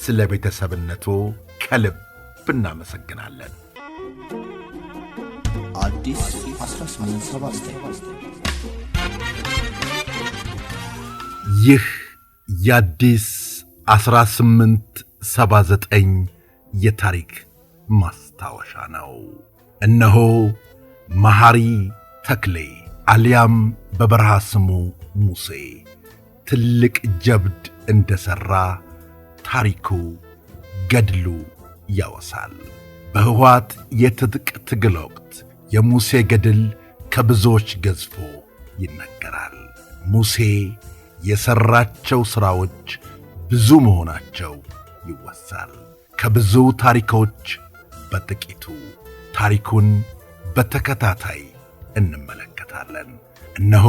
ስለ ቤተሰብነቱ ከልብ እናመሰግናለን። ይህ የአዲስ 1879 የታሪክ ማስታወሻ ነው። እነሆ መሐሪ ተክሌ አሊያም በበረሃ ስሙ ሙሴ ትልቅ ጀብድ እንደሠራ ታሪኩ ገድሉ ያወሳል። በህወሓት የትጥቅ ትግል ወቅት የሙሴ ገድል ከብዙዎች ገዝፎ ይነገራል። ሙሴ የሠራቸው ሥራዎች ብዙ መሆናቸው ይወሳል። ከብዙ ታሪኮች በጥቂቱ ታሪኩን በተከታታይ እንመለከታለን። እነሆ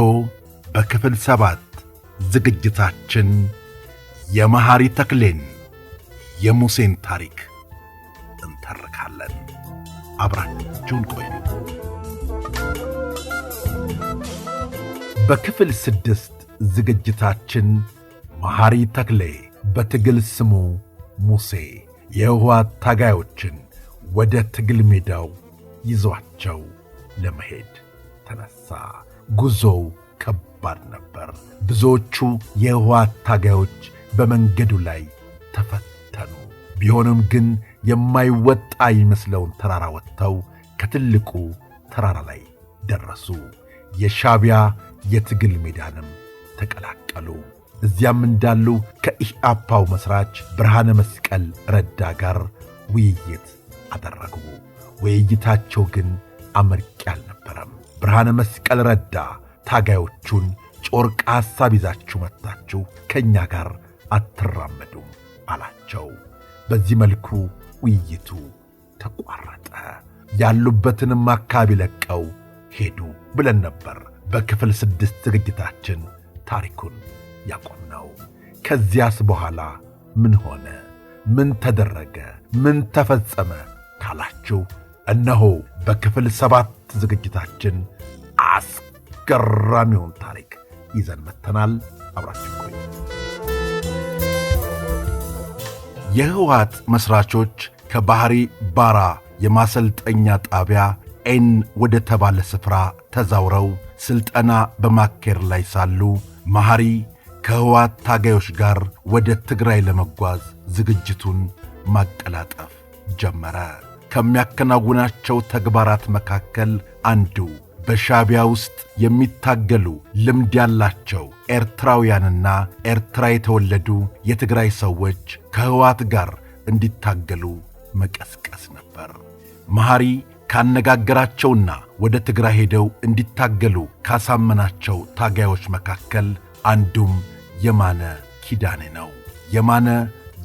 በክፍል ሰባት ዝግጅታችን የመሐሪ ተክሌን የሙሴን ታሪክ እንተርካለን። አብራችሁን ቆዩ። በክፍል ስድስት ዝግጅታችን መሐሪ ተክሌ በትግል ስሙ ሙሴ የህወሓት ታጋዮችን ወደ ትግል ሜዳው ይዟቸው ለመሄድ ተነሳ። ጉዞው ከባድ ነበር። ብዙዎቹ የህወሓት ታጋዮች በመንገዱ ላይ ተፈት ቢሆንም ግን የማይወጣ ይመስለውን ተራራ ወጥተው ከትልቁ ተራራ ላይ ደረሱ። የሻቢያ የትግል ሜዳንም ተቀላቀሉ። እዚያም እንዳሉ ከኢህአፓው መሥራች ብርሃነ መስቀል ረዳ ጋር ውይይት አደረጉ። ውይይታቸው ግን አመርቂ አልነበረም። ብርሃነ መስቀል ረዳ ታጋዮቹን ጮርቃ ሐሳብ ይዛችሁ መጥታችሁ ከእኛ ጋር አትራመዱም አላቸው። በዚህ መልኩ ውይይቱ ተቋረጠ። ያሉበትንም አካባቢ ለቀው ሄዱ ብለን ነበር በክፍል ስድስት ዝግጅታችን ታሪኩን ያቆምነው። ከዚያስ በኋላ ምን ሆነ? ምን ተደረገ? ምን ተፈጸመ ካላችሁ እነሆ በክፍል ሰባት ዝግጅታችን አስገራሚውን ታሪክ ይዘን መጥተናል። አብራችን ቆዩ። የህወሓት መሥራቾች ከባሕሪ ባራ የማሰልጠኛ ጣቢያ ኤን ወደ ተባለ ስፍራ ተዛውረው ሥልጠና በማካሄድ ላይ ሳሉ መሐሪ ከህወሓት ታጋዮች ጋር ወደ ትግራይ ለመጓዝ ዝግጅቱን ማቀላጠፍ ጀመረ። ከሚያከናውናቸው ተግባራት መካከል አንዱ በሻቢያ ውስጥ የሚታገሉ ልምድ ያላቸው ኤርትራውያንና ኤርትራ የተወለዱ የትግራይ ሰዎች ከህወሓት ጋር እንዲታገሉ መቀስቀስ ነበር። መሐሪ ካነጋገራቸውና ወደ ትግራይ ሄደው እንዲታገሉ ካሳመናቸው ታጋዮች መካከል አንዱም የማነ ኪዳኔ ነው። የማነ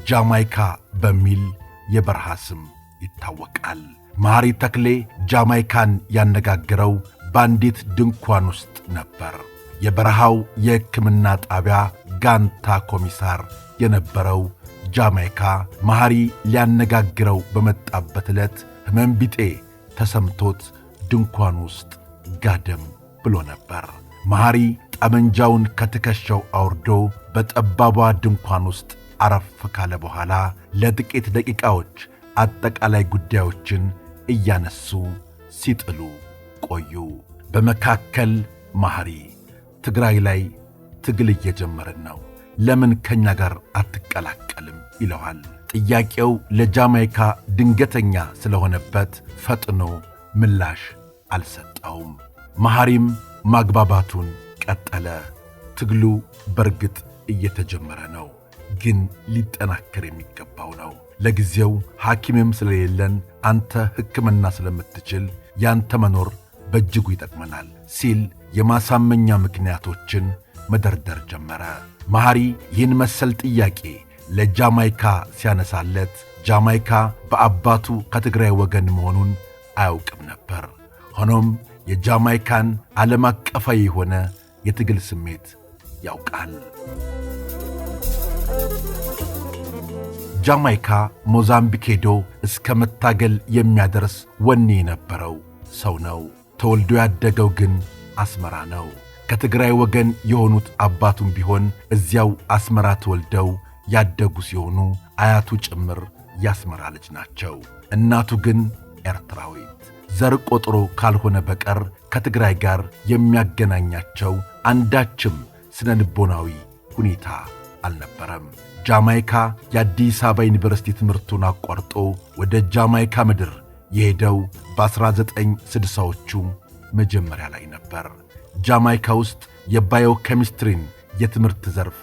ጃማይካ በሚል የበረሃ ስም ይታወቃል። መሐሪ ተክሌ ጃማይካን ያነጋግረው በአንዲት ድንኳን ውስጥ ነበር። የበረሃው የሕክምና ጣቢያ ጋንታ ኮሚሳር የነበረው ጃማይካ መሐሪ ሊያነጋግረው በመጣበት ዕለት ሕመም ቢጤ ተሰምቶት ድንኳን ውስጥ ጋደም ብሎ ነበር። መሐሪ ጠመንጃውን ከትከሻው አውርዶ በጠባቧ ድንኳን ውስጥ አረፍ ካለ በኋላ ለጥቂት ደቂቃዎች አጠቃላይ ጉዳዮችን እያነሱ ሲጥሉ ቆዩ። በመካከል ማህሪ ትግራይ ላይ ትግል እየጀመርን ነው፣ ለምን ከእኛ ጋር አትቀላቀልም ይለዋል። ጥያቄው ለጃማይካ ድንገተኛ ስለሆነበት ፈጥኖ ምላሽ አልሰጠውም። መሐሪም ማግባባቱን ቀጠለ። ትግሉ በርግጥ እየተጀመረ ነው፣ ግን ሊጠናከር የሚገባው ነው። ለጊዜው ሐኪምም ስለሌለን አንተ ሕክምና ስለምትችል ያንተ መኖር በእጅጉ ይጠቅመናል ሲል የማሳመኛ ምክንያቶችን መደርደር ጀመረ። መሐሪ ይህን መሰል ጥያቄ ለጃማይካ ሲያነሳለት ጃማይካ በአባቱ ከትግራይ ወገን መሆኑን አያውቅም ነበር። ሆኖም የጃማይካን ዓለም አቀፋዊ የሆነ የትግል ስሜት ያውቃል። ጃማይካ ሞዛምቢክ ሄዶ እስከ መታገል የሚያደርስ ወኔ የነበረው ሰው ነው። ተወልዶ ያደገው ግን አስመራ ነው። ከትግራይ ወገን የሆኑት አባቱም ቢሆን እዚያው አስመራ ተወልደው ያደጉ ሲሆኑ አያቱ ጭምር ያስመራ ልጅ ናቸው። እናቱ ግን ኤርትራዊት፣ ዘር ቆጥሮ ካልሆነ በቀር ከትግራይ ጋር የሚያገናኛቸው አንዳችም ስነ ልቦናዊ ሁኔታ አልነበረም። ጃማይካ የአዲስ አበባ ዩኒቨርሲቲ ትምህርቱን አቋርጦ ወደ ጃማይካ ምድር የሄደው በ1960ዎቹ መጀመሪያ ላይ ነበር። ጃማይካ ውስጥ የባዮ ኬሚስትሪን የትምህርት ዘርፍ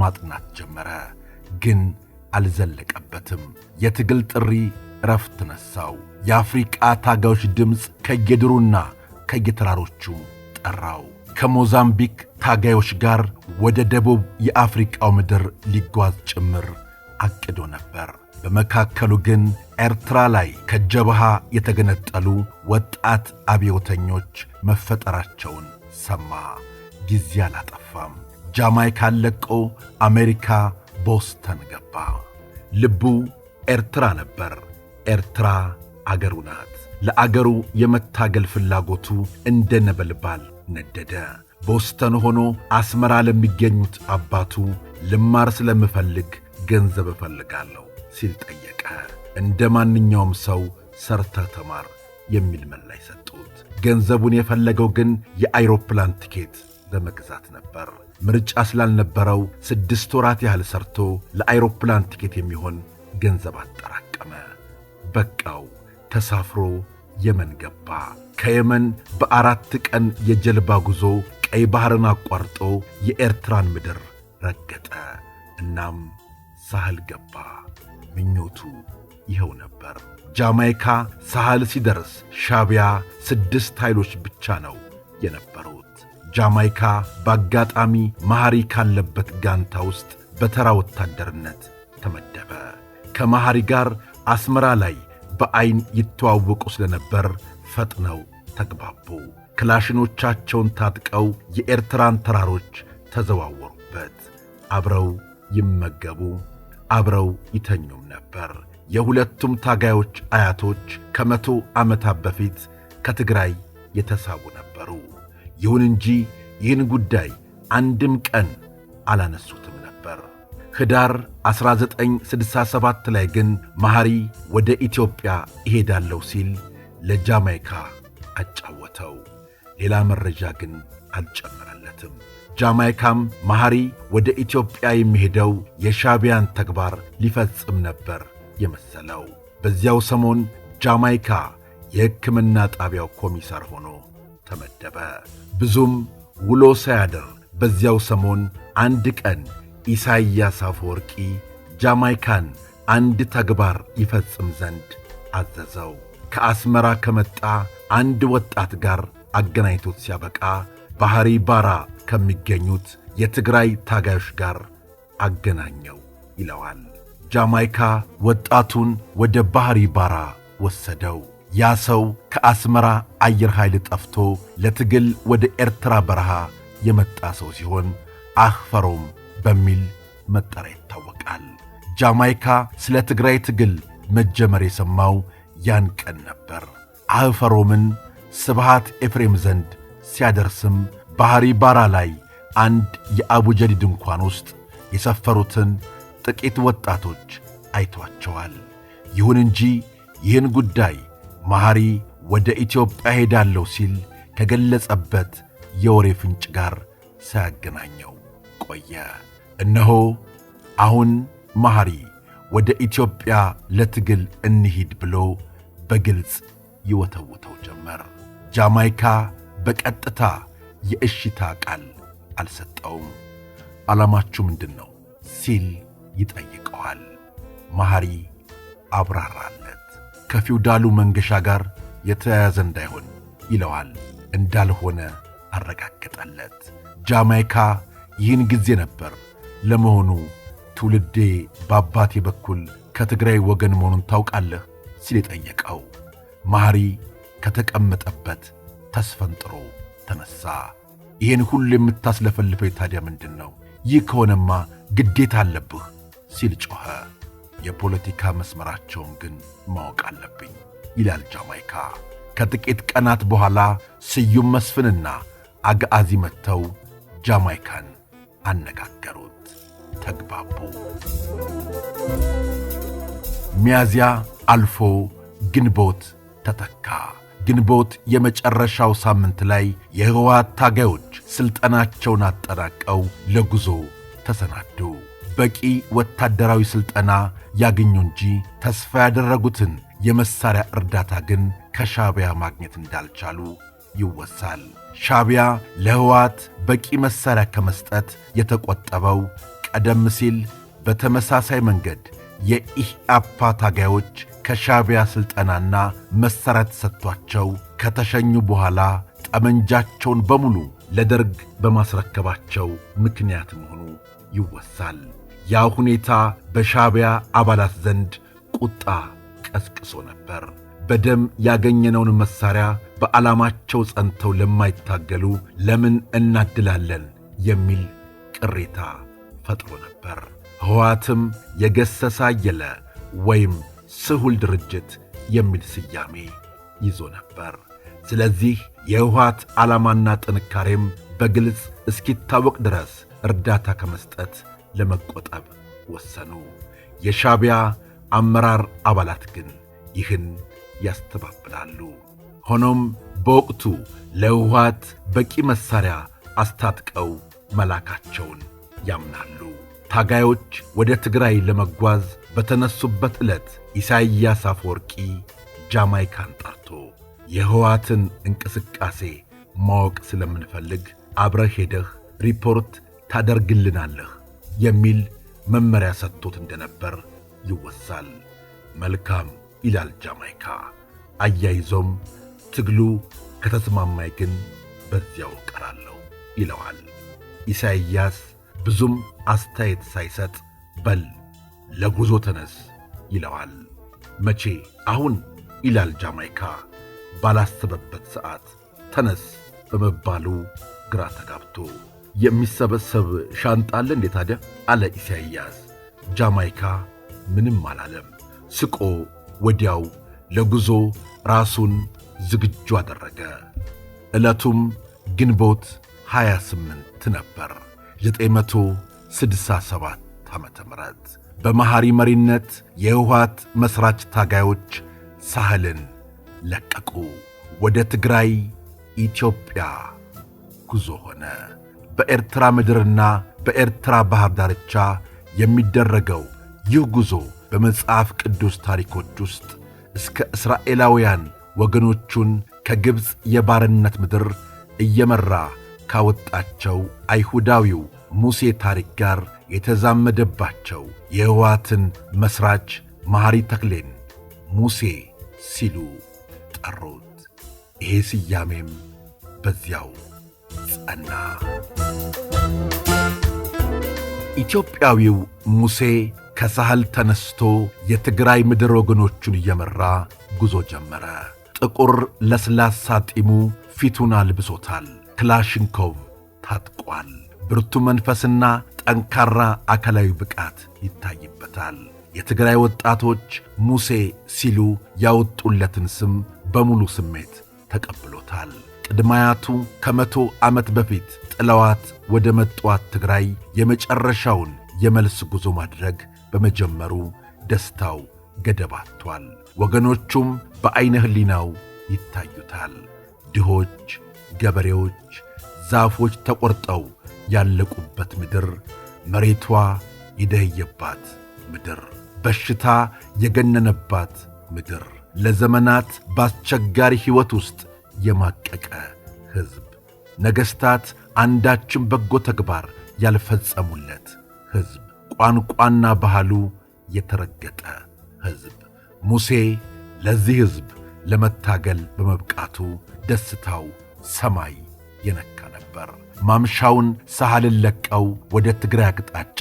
ማጥናት ጀመረ። ግን አልዘለቀበትም። የትግል ጥሪ እረፍት ነሳው። የአፍሪቃ ታጋዮች ድምፅ ከየድሩና ከየተራሮቹ ጠራው። ከሞዛምቢክ ታጋዮች ጋር ወደ ደቡብ የአፍሪቃው ምድር ሊጓዝ ጭምር አቅዶ ነበር። በመካከሉ ግን ኤርትራ ላይ ከጀብሃ የተገነጠሉ ወጣት አብዮተኞች መፈጠራቸውን ሰማ። ጊዜ አላጠፋም። ጃማይካን ለቆ አሜሪካ ቦስተን ገባ። ልቡ ኤርትራ ነበር። ኤርትራ አገሩ ናት። ለአገሩ የመታገል ፍላጎቱ እንደ ነበልባል ነደደ። ቦስተን ሆኖ አስመራ ለሚገኙት አባቱ ልማር ስለምፈልግ ገንዘብ እፈልጋለሁ ሲል ጠየቀ። እንደ ማንኛውም ሰው ሰርተ ተማር የሚል መላይ ሰጡት። ገንዘቡን የፈለገው ግን የአይሮፕላን ትኬት ለመግዛት ነበር። ምርጫ ስላልነበረው ስድስት ወራት ያህል ሰርቶ ለአይሮፕላን ትኬት የሚሆን ገንዘብ አጠራቀመ። በቃው። ተሳፍሮ የመን ገባ። ከየመን በአራት ቀን የጀልባ ጉዞ ቀይ ባሕርን አቋርጦ የኤርትራን ምድር ረገጠ። እናም ሳህል ገባ። ምኞቱ ይኸው ነበር። ጃማይካ ሳህል ሲደርስ ሻቢያ ስድስት ኃይሎች ብቻ ነው የነበሩት። ጃማይካ በአጋጣሚ መሐሪ ካለበት ጋንታ ውስጥ በተራ ወታደርነት ተመደበ። ከመሐሪ ጋር አስመራ ላይ በዐይን ይተዋወቁ ስለነበር ፈጥነው ተግባቡ። ክላሽኖቻቸውን ታጥቀው የኤርትራን ተራሮች ተዘዋወሩበት። አብረው ይመገቡ አብረው ይተኙም ነበር። የሁለቱም ታጋዮች አያቶች ከመቶ ዓመታት በፊት ከትግራይ የተሳቡ ነበሩ። ይሁን እንጂ ይህን ጉዳይ አንድም ቀን አላነሱትም ነበር። ኅዳር 1967 ላይ ግን መሐሪ ወደ ኢትዮጵያ እሄዳለሁ ሲል ለጃማይካ አጫወተው። ሌላ መረጃ ግን አልጨመረለትም። ጃማይካም መሐሪ ወደ ኢትዮጵያ የሚሄደው የሻቢያን ተግባር ሊፈጽም ነበር የመሰለው። በዚያው ሰሞን ጃማይካ የሕክምና ጣቢያው ኮሚሳር ሆኖ ተመደበ። ብዙም ውሎ ሳያድር በዚያው ሰሞን አንድ ቀን ኢሳይያስ አፈወርቂ ጃማይካን አንድ ተግባር ይፈጽም ዘንድ አዘዘው። ከአስመራ ከመጣ አንድ ወጣት ጋር አገናኝቶት ሲያበቃ ባህሪ ባራ ከሚገኙት የትግራይ ታጋዮች ጋር አገናኘው ይለዋል። ጃማይካ ወጣቱን ወደ ባህሪ ባራ ወሰደው። ያ ሰው ከአስመራ አየር ኃይል ጠፍቶ ለትግል ወደ ኤርትራ በረሃ የመጣ ሰው ሲሆን አኽፈሮም በሚል መጠሪያ ይታወቃል። ጃማይካ ስለ ትግራይ ትግል መጀመር የሰማው ያን ቀን ነበር። አኽፈሮምን ስብሃት ኤፍሬም ዘንድ ሲያደርስም ባሕሪ ባራ ላይ አንድ የአቡጀዲ ድንኳን ውስጥ የሰፈሩትን ጥቂት ወጣቶች አይቷቸዋል። ይሁን እንጂ ይህን ጉዳይ መሐሪ ወደ ኢትዮጵያ ሄዳለሁ ሲል ከገለጸበት የወሬ ፍንጭ ጋር ሳያገናኘው ቆየ። እነሆ አሁን መሐሪ ወደ ኢትዮጵያ ለትግል እንሂድ ብሎ በግልጽ ይወተውተው ጀመር። ጃማይካ በቀጥታ የእሽታ ቃል አልሰጠውም። ዓላማችሁ ምንድን ነው ሲል ይጠይቀዋል። መሐሪ አብራራለት። ከፊውዳሉ መንገሻ ጋር የተያያዘ እንዳይሆን ይለዋል። እንዳልሆነ አረጋገጠለት። ጃማይካ ይህን ጊዜ ነበር ለመሆኑ ትውልዴ በአባቴ በኩል ከትግራይ ወገን መሆኑን ታውቃለህ? ሲል የጠየቀው መሐሪ ከተቀመጠበት ተስፈንጥሮ ተነሳ። ይህን ሁሉ የምታስለፈልፈው ታዲያ ምንድን ነው? ይህ ከሆነማ ግዴታ አለብህ ሲል ጮኸ። የፖለቲካ መስመራቸውን ግን ማወቅ አለብኝ ይላል ጃማይካ። ከጥቂት ቀናት በኋላ ስዩም መስፍንና አግአዚ መጥተው ጃማይካን አነጋገሩት፣ ተግባቡ። ሚያዚያ አልፎ ግንቦት ተተካ። ግንቦት የመጨረሻው ሳምንት ላይ የህወሓት ታጋዮች ሥልጠናቸውን አጠናቀው ለጉዞ ተሰናዱ። በቂ ወታደራዊ ሥልጠና ያገኙ እንጂ ተስፋ ያደረጉትን የመሳሪያ እርዳታ ግን ከሻቢያ ማግኘት እንዳልቻሉ ይወሳል። ሻቢያ ለህወሓት በቂ መሳሪያ ከመስጠት የተቆጠበው ቀደም ሲል በተመሳሳይ መንገድ የኢህአፓ ታጋዮች ከሻቢያ ሥልጠናና መሠረት ሰጥቷቸው ከተሸኙ በኋላ ጠመንጃቸውን በሙሉ ለደርግ በማስረከባቸው ምክንያት መሆኑ ይወሳል። ያ ሁኔታ በሻቢያ አባላት ዘንድ ቁጣ ቀስቅሶ ነበር። በደም ያገኘነውን መሣሪያ በዓላማቸው ጸንተው ለማይታገሉ ለምን እናድላለን የሚል ቅሬታ ፈጥሮ ነበር። ሕወሓትም የገሰሰ አየለ ወይም ስሁል ድርጅት የሚል ስያሜ ይዞ ነበር። ስለዚህ የህወሓት ዓላማና ጥንካሬም በግልጽ እስኪታወቅ ድረስ እርዳታ ከመስጠት ለመቆጠብ ወሰኑ። የሻቢያ አመራር አባላት ግን ይህን ያስተባብላሉ። ሆኖም በወቅቱ ለህወሓት በቂ መሳሪያ አስታጥቀው መላካቸውን ያምናሉ። ታጋዮች ወደ ትግራይ ለመጓዝ በተነሱበት ዕለት ኢሳይያስ አፈወርቂ ጃማይካን ጠርቶ የህወሓትን እንቅስቃሴ ማወቅ ስለምንፈልግ አብረህ ሄደህ ሪፖርት ታደርግልናለህ የሚል መመሪያ ሰጥቶት እንደነበር ይወሳል። መልካም ይላል ጃማይካ። አያይዞም ትግሉ ከተስማማይ ግን በዚያው እቀራለሁ ይለዋል። ኢሳይያስ ብዙም አስተያየት ሳይሰጥ በል ለጉዞ ተነስ ይለዋል። መቼ? አሁን ይላል ጃማይካ። ባላሰበበት ሰዓት ተነስ በመባሉ ግራ ተጋብቶ የሚሰበሰብ ሻንጣ አለ እንዴ ታዲያ? አለ ኢሳይያስ። ጃማይካ ምንም አላለም። ስቆ ወዲያው ለጉዞ ራሱን ዝግጁ አደረገ። ዕለቱም ግንቦት 28 ነበር 967 ም በመሐሪ መሪነት የህወሓት መሥራች ታጋዮች ሳህልን ለቀቁ። ወደ ትግራይ ኢትዮጵያ ጉዞ ሆነ። በኤርትራ ምድርና በኤርትራ ባሕር ዳርቻ የሚደረገው ይህ ጉዞ በመጽሐፍ ቅዱስ ታሪኮች ውስጥ እስከ እስራኤላውያን ወገኖቹን ከግብፅ የባርነት ምድር እየመራ ካወጣቸው አይሁዳዊው ሙሴ ታሪክ ጋር የተዛመደባቸው የሕወሓትን መሥራች መሐሪ ተክሌን ሙሴ ሲሉ ጠሩት። ይሄ ስያሜም በዚያው ጸና። ኢትዮጵያዊው ሙሴ ከሳህል ተነስቶ የትግራይ ምድር ወገኖቹን እየመራ ጉዞ ጀመረ። ጥቁር ለስላሳ ጢሙ ፊቱን አልብሶታል። ክላሽንኮቭ ታጥቋል። ብርቱ መንፈስና ጠንካራ አካላዊ ብቃት ይታይበታል። የትግራይ ወጣቶች ሙሴ ሲሉ ያወጡለትን ስም በሙሉ ስሜት ተቀብሎታል። ቅድማያቱ ከመቶ ዓመት በፊት ጥለዋት ወደ መጧት ትግራይ የመጨረሻውን የመልስ ጉዞ ማድረግ በመጀመሩ ደስታው ገደባቷል። ወገኖቹም በዐይነ ሕሊናው ይታዩታል። ድሆች፣ ገበሬዎች፣ ዛፎች ተቈርጠው ያለቁበት ምድር፣ መሬቷ የደህየባት ምድር፣ በሽታ የገነነባት ምድር፣ ለዘመናት በአስቸጋሪ ሕይወት ውስጥ የማቀቀ ሕዝብ፣ ነገሥታት አንዳችም በጎ ተግባር ያልፈጸሙለት ሕዝብ፣ ቋንቋና ባህሉ የተረገጠ ሕዝብ ሙሴ ለዚህ ሕዝብ ለመታገል በመብቃቱ ደስታው ሰማይ የነካ ነበር። ማምሻውን ሰሃልን ለቀው ወደ ትግራይ አቅጣጫ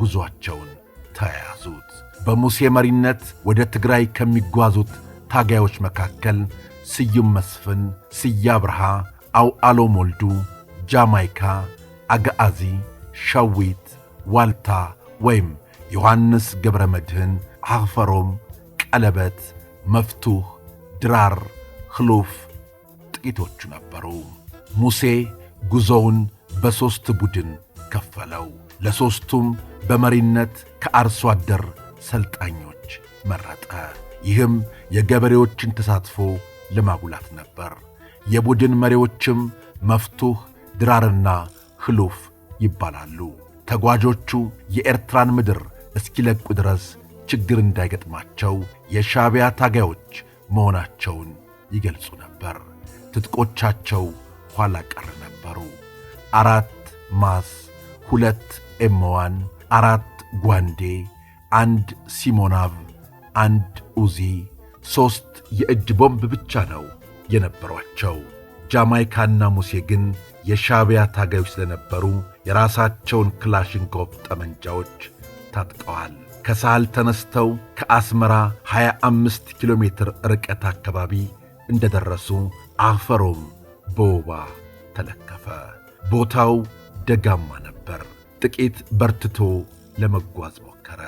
ጉዞአቸውን ተያያዙት። በሙሴ መሪነት ወደ ትግራይ ከሚጓዙት ታጋዮች መካከል ስዩም መስፍን፣ ስያ አብርሃ፣ አውዓሎ ሞልዱ፣ ጃማይካ፣ አግአዚ፣ ሸዊት፣ ዋልታ ወይም ዮሐንስ ገብረ መድህን፣ አኽፈሮም፣ ቀለበት፣ መፍቱህ ድራር፣ ኽሉፍ ጥቂቶቹ ነበሩ። ሙሴ ጉዞውን በሦስት ቡድን ከፈለው። ለሦስቱም በመሪነት ከአርሶ አደር ሰልጣኞች መረጠ። ይህም የገበሬዎችን ተሳትፎ ለማጉላት ነበር። የቡድን መሪዎችም መፍቱህ ድራርና ህሉፍ ይባላሉ። ተጓዦቹ የኤርትራን ምድር እስኪለቁ ድረስ ችግር እንዳይገጥማቸው የሻቢያ ታጋዮች መሆናቸውን ይገልጹ ነበር። ትጥቆቻቸው ኋላ ቀር ነበሩ። አራት ማስ፣ ሁለት ኤሞዋን፣ አራት ጓንዴ፣ አንድ ሲሞናቭ፣ አንድ ኡዚ፣ ሦስት የእጅ ቦምብ ብቻ ነው የነበሯቸው። ጃማይካና ሙሴ ግን የሻቢያ ታጋዮች ስለነበሩ የራሳቸውን ክላሽንኮቭ ጠመንጃዎች ታጥቀዋል። ከሳህል ተነስተው ከአስመራ 25 ኪሎ ሜትር ርቀት አካባቢ እንደደረሱ አፈሮም በወባ ተለከፈ። ቦታው ደጋማ ነበር። ጥቂት በርትቶ ለመጓዝ ሞከረ።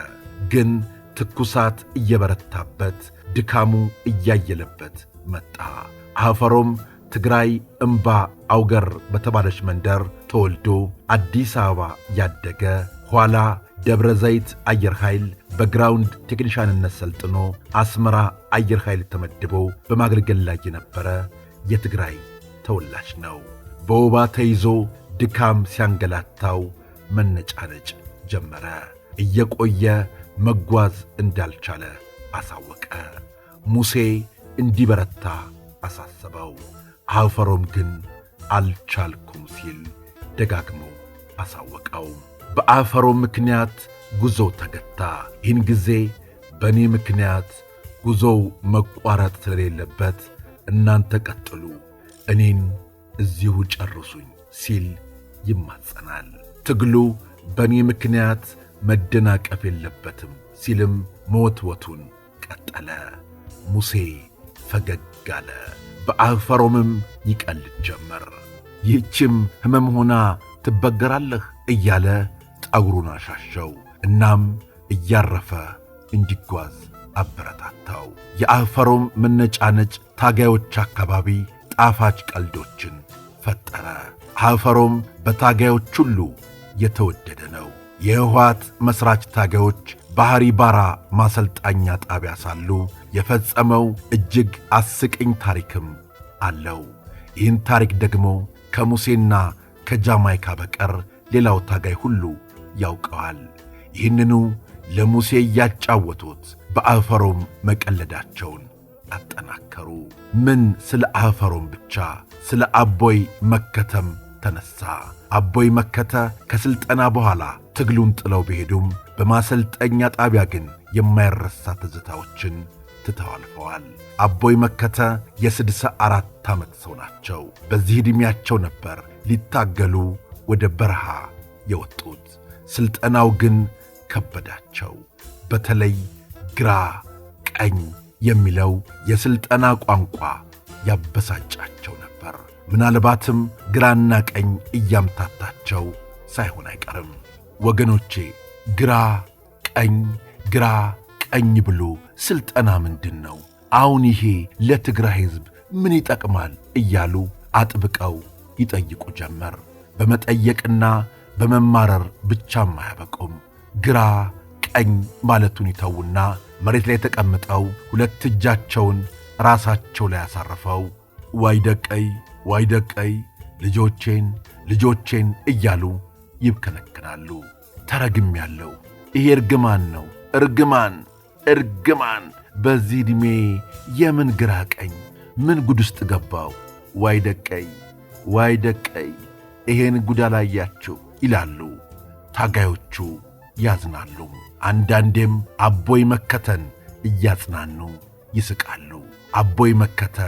ግን ትኩሳት እየበረታበት ድካሙ እያየለበት መጣ። አፈሮም ትግራይ እምባ አውገር በተባለች መንደር ተወልዶ አዲስ አበባ ያደገ ኋላ ደብረ ዘይት አየር ኃይል በግራውንድ ቴክኒሻንነት ሰልጥኖ አስመራ አየር ኃይል ተመድቦ በማገልገል ላይ የነበረ የትግራይ ተወላጅ ነው። በወባ ተይዞ ድካም ሲያንገላታው መነጫነጭ ጀመረ። እየቆየ መጓዝ እንዳልቻለ አሳወቀ። ሙሴ እንዲበረታ አሳሰበው። አፈሮም ግን አልቻልኩም ሲል ደጋግሞ አሳወቀው። በአፈሮም ምክንያት ጉዞ ተገታ። ይህን ጊዜ በእኔ ምክንያት ጉዞው መቋረጥ ስለሌለበት እናንተ ቀጥሉ እኔን እዚሁ ጨርሱኝ ሲል ይማጸናል። ትግሉ በእኔ ምክንያት መደናቀፍ የለበትም ሲልም መወትወቱን ቀጠለ። ሙሴ ፈገግ አለ፣ በአፈሮምም ይቀልድ ጀመር። ይህችም ሕመም ሆና ትበገራለህ እያለ ጠጉሩን አሻሸው። እናም እያረፈ እንዲጓዝ አበረታታው። የአፈሮም መነጫነጭ ታጋዮች አካባቢ ጣፋጭ ቀልዶችን ፈጠረ። አፈሮም በታጋዮች ሁሉ የተወደደ ነው። የህወሓት መሥራች ታጋዮች ባህሪ ባራ ማሰልጣኛ ጣቢያ ሳሉ የፈጸመው እጅግ አስቂኝ ታሪክም አለው። ይህን ታሪክ ደግሞ ከሙሴና ከጃማይካ በቀር ሌላው ታጋይ ሁሉ ያውቀዋል። ይህንኑ ለሙሴ እያጫወቱት በአፈሮም መቀለዳቸውን አጠናከሩ። ምን ስለ አፈሮም ብቻ ስለ አቦይ መከተም ተነሳ። አቦይ መከተ ከሥልጠና በኋላ ትግሉን ጥለው ቢሄዱም በማሰልጠኛ ጣቢያ ግን የማይረሳ ትዝታዎችን ትተው አልፈዋል። አቦይ መከተ የስድሳ አራት ዓመት ሰው ናቸው። በዚህ ዕድሜያቸው ነበር ሊታገሉ ወደ በረሃ የወጡት። ሥልጠናው ግን ከበዳቸው። በተለይ ግራ ቀኝ የሚለው የሥልጠና ቋንቋ ያበሳጫቸው ነበር። ምናልባትም ግራና ቀኝ እያምታታቸው ሳይሆን አይቀርም። ወገኖቼ ግራ ቀኝ ግራ ቀኝ ብሎ ሥልጠና ምንድን ነው? አሁን ይሄ ለትግራይ ሕዝብ ምን ይጠቅማል? እያሉ አጥብቀው ይጠይቁ ጀመር። በመጠየቅና በመማረር ብቻም አያበቁም። ግራ ቀኝ ማለቱን ይተውና መሬት ላይ ተቀምጠው ሁለት እጃቸውን ራሳቸው ላይ አሳርፈው ዋይ ደቀይ ዋይ ደቀይ ልጆቼን ልጆቼን እያሉ ይብከነክናሉ። ተረግም ያለው ይሄ እርግማን ነው። እርግማን እርግማን! በዚህ ዕድሜ የምን ግራ ቀኝ ምን ጉድ ውስጥ ገባው? ዋይ ደቀይ ዋይ ደቀይ! ይሄን ጉድ አላያችሁ ይላሉ ታጋዮቹ። ያዝናሉ። አንዳንዴም አቦይ መከተን እያጽናኑ ይስቃሉ። አቦይ መከተ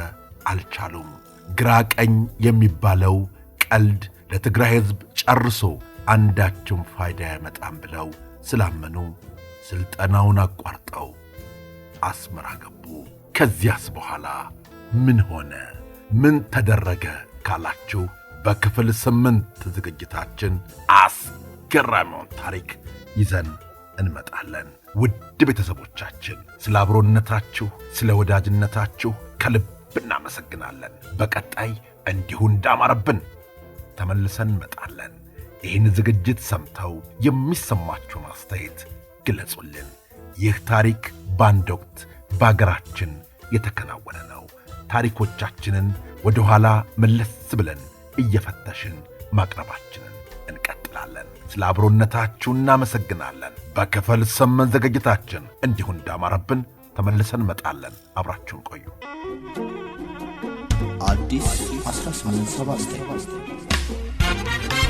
አልቻሉም። ግራ ቀኝ የሚባለው ቀልድ ለትግራይ ሕዝብ ጨርሶ አንዳችም ፋይዳ ያመጣም ብለው ስላመኑ ሥልጠናውን አቋርጠው አስመራ ገቡ። ከዚያስ በኋላ ምን ሆነ? ምን ተደረገ ካላችሁ በክፍል ስምንት ዝግጅታችን አስገራሚውን ታሪክ ይዘን እንመጣለን። ውድ ቤተሰቦቻችን ስለ አብሮነታችሁ፣ ስለ ወዳጅነታችሁ ከልብ እናመሰግናለን። በቀጣይ እንዲሁ እንዳማረብን ተመልሰን እንመጣለን። ይህን ዝግጅት ሰምተው የሚሰማችሁን አስተያየት ግለጹልን። ይህ ታሪክ በአንድ ወቅት በአገራችን የተከናወነ ነው። ታሪኮቻችንን ወደ ኋላ መለስ ብለን እየፈተሽን ማቅረባችንን እንቀጥላለን። ስለ አብሮነታችሁ እናመሰግናለን። በክፍል ስምንት ዝግጅታችን እንዲሁ እንዳማረብን ተመልሰን እንመጣለን። አብራችሁን ቆዩ። አዲስ 1879